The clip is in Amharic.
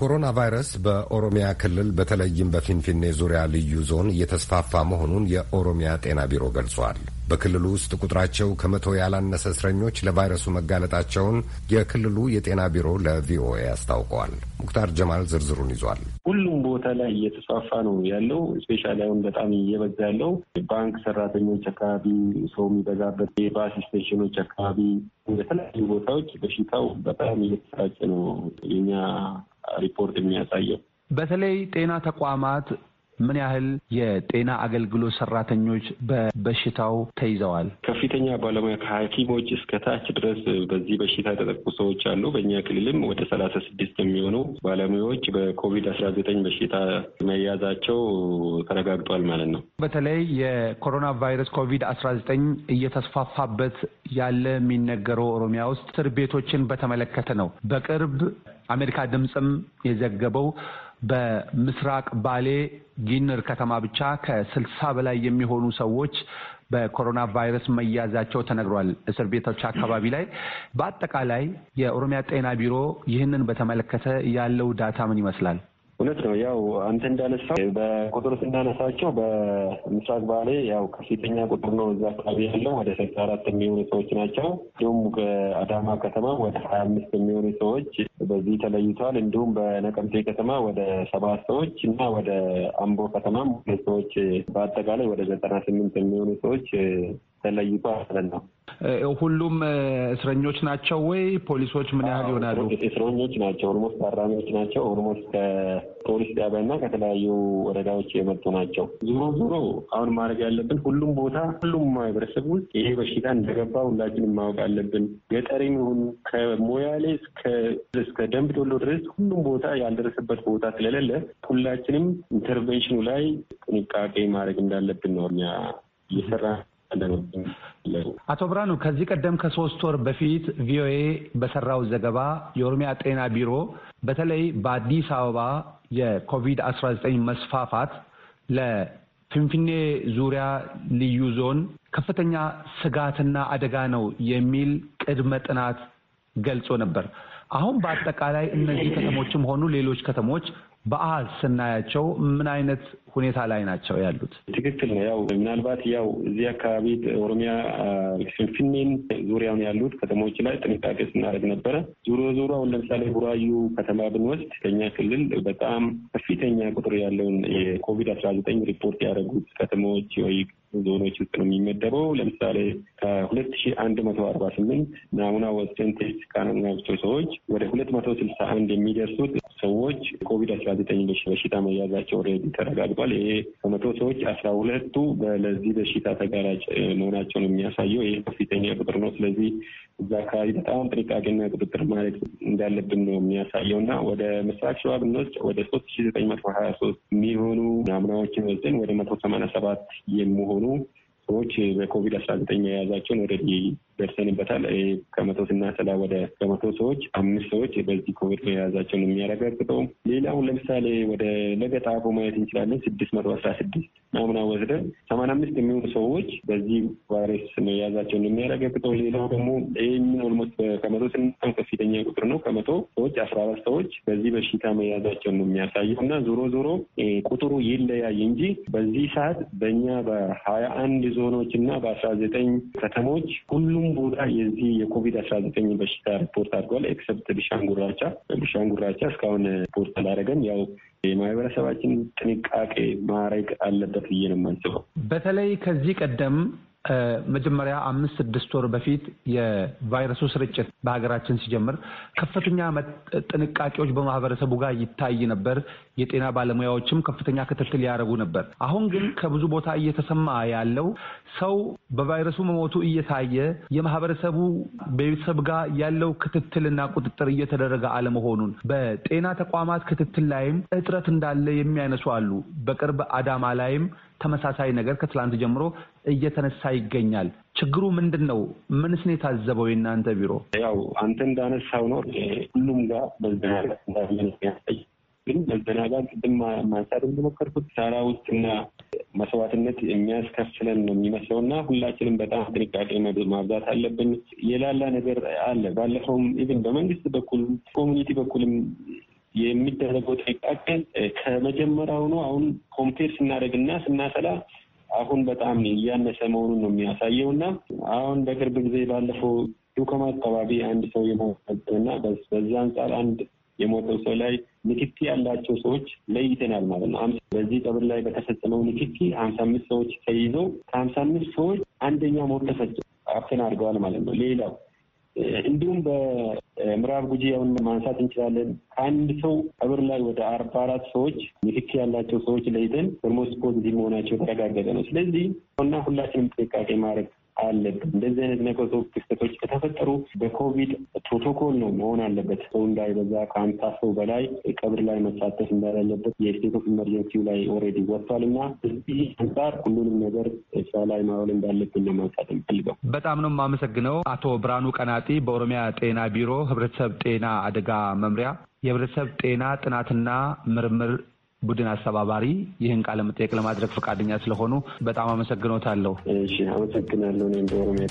ኮሮና ቫይረስ በኦሮሚያ ክልል በተለይም በፊንፊኔ ዙሪያ ልዩ ዞን እየተስፋፋ መሆኑን የኦሮሚያ ጤና ቢሮ ገልጿል። በክልሉ ውስጥ ቁጥራቸው ከመቶ ያላነሰ እስረኞች ለቫይረሱ መጋለጣቸውን የክልሉ የጤና ቢሮ ለቪኦኤ አስታውቀዋል። ሙክታር ጀማል ዝርዝሩን ይዟል። ሁሉም ቦታ ላይ እየተስፋፋ ነው ያለው። ስፔሻል አሁን በጣም እየበዛ ያለው ባንክ ሰራተኞች አካባቢ፣ ሰው የሚበዛበት የባስ ስቴሽኖች አካባቢ፣ የተለያዩ ቦታዎች በሽታው በጣም እየተሰራጨ ነው የኛ ሪፖርት የሚያሳየው። በተለይ ጤና ተቋማት ምን ያህል የጤና አገልግሎት ሰራተኞች በበሽታው ተይዘዋል? ከፍተኛ ባለሙያ ከሐኪሞች እስከ ታች ድረስ በዚህ በሽታ የተጠቁ ሰዎች አሉ። በእኛ ክልልም ወደ ሰላሳ ስድስት የሚሆኑ ባለሙያዎች በኮቪድ አስራ ዘጠኝ በሽታ መያዛቸው ተረጋግጧል ማለት ነው። በተለይ የኮሮና ቫይረስ ኮቪድ አስራ ዘጠኝ እየተስፋፋበት ያለ የሚነገረው ኦሮሚያ ውስጥ እስር ቤቶችን በተመለከተ ነው። በቅርብ አሜሪካ ድምፅም የዘገበው በምስራቅ ባሌ ጊንር ከተማ ብቻ ከስልሳ በላይ የሚሆኑ ሰዎች በኮሮና ቫይረስ መያዛቸው ተነግሯል። እስር ቤቶች አካባቢ ላይ በአጠቃላይ የኦሮሚያ ጤና ቢሮ ይህንን በተመለከተ ያለው ዳታ ምን ይመስላል? እውነት ነው። ያው አንተ እንዳነሳው በቁጥር ስናነሳቸው በምስራቅ ባሌ ያው ከፊተኛ ቁጥር ነው እዛ አካባቢ ያለው ወደ ስልሳ አራት የሚሆኑ ሰዎች ናቸው። እንዲሁም ከአዳማ ከተማ ወደ ሀያ አምስት የሚሆኑ ሰዎች በዚህ ተለይተዋል። እንዲሁም በነቀምቴ ከተማ ወደ ሰባት ሰዎች እና ወደ አምቦ ከተማም ሁለት ሰዎች በአጠቃላይ ወደ ዘጠና ስምንት የሚሆኑ ሰዎች ተለይቶ አለን ነው። ሁሉም እስረኞች ናቸው ወይ? ፖሊሶች ምን ያህል ይሆናሉ? እስረኞች ናቸው። ኦልሞስት ታራሚዎች ናቸው። ኦልሞስት ከፖሊስ ጣቢያና ከተለያዩ ወረዳዎች የመጡ ናቸው። ዞሮ ዞሮ አሁን ማድረግ ያለብን ሁሉም ቦታ ሁሉም ማህበረሰብ ውስጥ ይሄ በሽታ እንደገባ ሁላችንም ማወቅ አለብን። ገጠሪም ይሁን ከሞያሌ እስከ ደንብ ዶሎ ድረስ ሁሉም ቦታ ያልደረሰበት ቦታ ስለሌለ ሁላችንም ኢንተርቬንሽኑ ላይ ጥንቃቄ ማድረግ እንዳለብን ነው እኛ እየሰራ አቶ ብርሃኑ ከዚህ ቀደም ከሶስት ወር በፊት ቪኦኤ በሰራው ዘገባ የኦሮሚያ ጤና ቢሮ በተለይ በአዲስ አበባ የኮቪድ-19 መስፋፋት ለፍንፍኔ ዙሪያ ልዩ ዞን ከፍተኛ ስጋትና አደጋ ነው የሚል ቅድመ ጥናት ገልጾ ነበር። አሁን በአጠቃላይ እነዚህ ከተሞችም ሆኑ ሌሎች ከተሞች በአሃዝ ስናያቸው ምን አይነት ሁኔታ ላይ ናቸው ያሉት። ትክክል ነው። ያው ምናልባት ያው እዚህ አካባቢ ኦሮሚያ ፊንፊኔን ዙሪያውን ያሉት ከተሞች ላይ ጥንቃቄ ስናደርግ ነበረ። ዙሮ ዙሮ አሁን ለምሳሌ ቡራዩ ከተማ ብንወስድ ከኛ ክልል በጣም ከፍተኛ ቁጥር ያለውን የኮቪድ አስራ ዘጠኝ ሪፖርት ያደረጉት ከተሞች ወይ ዞኖች ውስጥ ነው የሚመደበው። ለምሳሌ ከሁለት ሺ አንድ መቶ አርባ ስምንት ናሙና ወስደን ቴስት ካደረግናቸው ሰዎች ወደ ሁለት መቶ ስልሳ አንድ የሚደርሱት ሰዎች ኮቪድ አስራ ዘጠኝ በሽታ መያዛቸው ኦልሬዲ ተረጋግጧል። ተረጋግጧል። ይሄ ከመቶ ሰዎች አስራ ሁለቱ ለዚህ በሽታ ተጋላጭ መሆናቸውን የሚያሳየው ይህ ከፍተኛ ቁጥር ነው። ስለዚህ እዛ አካባቢ በጣም ጥንቃቄና ቁጥጥር ማለት እንዳለብን ነው የሚያሳየው እና ወደ ምስራቅ ሸዋ ብንወስድ ወደ ሶስት ሺ ዘጠኝ መቶ ሀያ ሶስት የሚሆኑ ናሙናዎችን ወስደን ወደ መቶ ሰማንያ ሰባት የሚሆኑ ሰዎች በኮቪድ አስራ ዘጠኝ መያዛቸውን ወደ ደርሰንበታል። ከመቶ ስናሰላ ወደ ከመቶ ሰዎች አምስት ሰዎች በዚህ ኮቪድ መያዛቸውን የሚያረጋግጠው። ሌላውን ለምሳሌ ወደ ለገጣፎ ማየት እንችላለን። ስድስት መቶ አስራ ስድስት ናሙና ወስደን ሰማንያ አምስት የሚሆኑ ሰዎች በዚህ ቫይረስ መያዛቸውን የሚያረጋግጠው። ሌላው ደግሞ ይህንን ኦልሞስት ከመቶ ስናም ከፍተኛ ቁጥር ነው። ከመቶ ሰዎች አስራ አራት ሰዎች በዚህ በሽታ መያዛቸውን ነው የሚያሳየው እና ዞሮ ዞሮ ቁጥሩ ይለያይ እንጂ በዚህ ሰዓት በእኛ በሀያ አንድ ዞኖች እና በአስራ ዘጠኝ ከተሞች ሁሉም ሁሉም ቦታ የዚህ የኮቪድ አስራ ዘጠኝ በሽታ ሪፖርት አድርጓል። ኤክሰፕት ቢሻንጉራቻ ቢሻንጉራቻ እስካሁን ሪፖርት አላደረገም። ያው የማህበረሰባችን ጥንቃቄ ማድረግ አለበት ብዬ ነው የማስበው። በተለይ ከዚህ ቀደም መጀመሪያ አምስት ስድስት ወር በፊት የቫይረሱ ስርጭት በሀገራችን ሲጀምር ከፍተኛ ጥንቃቄዎች በማህበረሰቡ ጋር ይታይ ነበር። የጤና ባለሙያዎችም ከፍተኛ ክትትል ያደረጉ ነበር። አሁን ግን ከብዙ ቦታ እየተሰማ ያለው ሰው በቫይረሱ መሞቱ እየታየ የማህበረሰቡ በቤተሰብ ጋር ያለው ክትትልና ቁጥጥር እየተደረገ አለመሆኑን፣ በጤና ተቋማት ክትትል ላይም እጥረት እንዳለ የሚያነሱ አሉ። በቅርብ አዳማ ላይም ተመሳሳይ ነገር ከትላንት ጀምሮ እየተነሳ ይገኛል። ችግሩ ምንድን ነው? ምንስ ነው የታዘበው የእናንተ ቢሮ? ያው አንተ እንዳነሳው ነው ሁሉም ጋር መዘናጋት እንዳለ ግን መዘናጋት ቅድም ማንሳት እንደሞከርኩት ሳራ ውስጥና መስዋዕትነት የሚያስከፍለን ነው የሚመስለው እና ሁላችንም በጣም ጥንቃቄ ማብዛት አለብን። የላላ ነገር አለ። ባለፈውም ኢቭን በመንግስት በኩል ኮሚኒቲ በኩልም የሚደረገው ጥንቃቄ ከመጀመሪያውኑ አሁን ኮምፔር ስናደርግና ስናሰላ አሁን በጣም እያነሰ መሆኑን ነው የሚያሳየው እና አሁን በቅርብ ጊዜ ባለፈው ዱከማ አካባቢ አንድ ሰው የሞተና በዛ አንጻር አንድ የሞተው ሰው ላይ ንክኪ ያላቸው ሰዎች ለይተናል ማለት ነው። በዚህ ቀብር ላይ በተፈጸመው ንክኪ ሀምሳ አምስት ሰዎች ተይዘው ከሀምሳ አምስት ሰዎች አንደኛ ሞት ተፈጽሞ አፍተን አድርገዋል ማለት ነው። ሌላው እንዲሁም በምዕራብ ጉጂ አሁን ማንሳት እንችላለን። ከአንድ ሰው ቀብር ላይ ወደ አርባ አራት ሰዎች ንክኪ ያላቸው ሰዎች ለይተን ኦልሞስት ፖዚቲቭ መሆናቸው የተረጋገጠ ነው። ስለዚህ እና ሁላችንም ጥንቃቄ ማድረግ አለብን። እንደዚህ አይነት ነገሮች ክስተቶች ከተፈጠሩ በኮቪድ ፕሮቶኮል ነው መሆን አለበት። ሰው እንዳይበዛ ከአምሳ ሰው በላይ ቀብር ላይ መሳተፍ እንዳለበት የስቴት ኦፍ ኢመርጀንሲው ላይ ኦልሬዲ ወጥቷል እና እዚህ አንጻር ሁሉንም ነገር ስራ ላይ ማዋል እንዳለብን ለማንሳት እንፈልገው። በጣም ነው የማመሰግነው አቶ ብርሃኑ ቀናጢ በኦሮሚያ ጤና ቢሮ ህብረተሰብ ጤና አደጋ መምሪያ የህብረተሰብ ጤና ጥናትና ምርምር ቡድን አስተባባሪ ይህን ቃለ መጠየቅ ለማድረግ ፈቃደኛ ስለሆኑ በጣም አመሰግኖታለሁ። አመሰግናለሁ።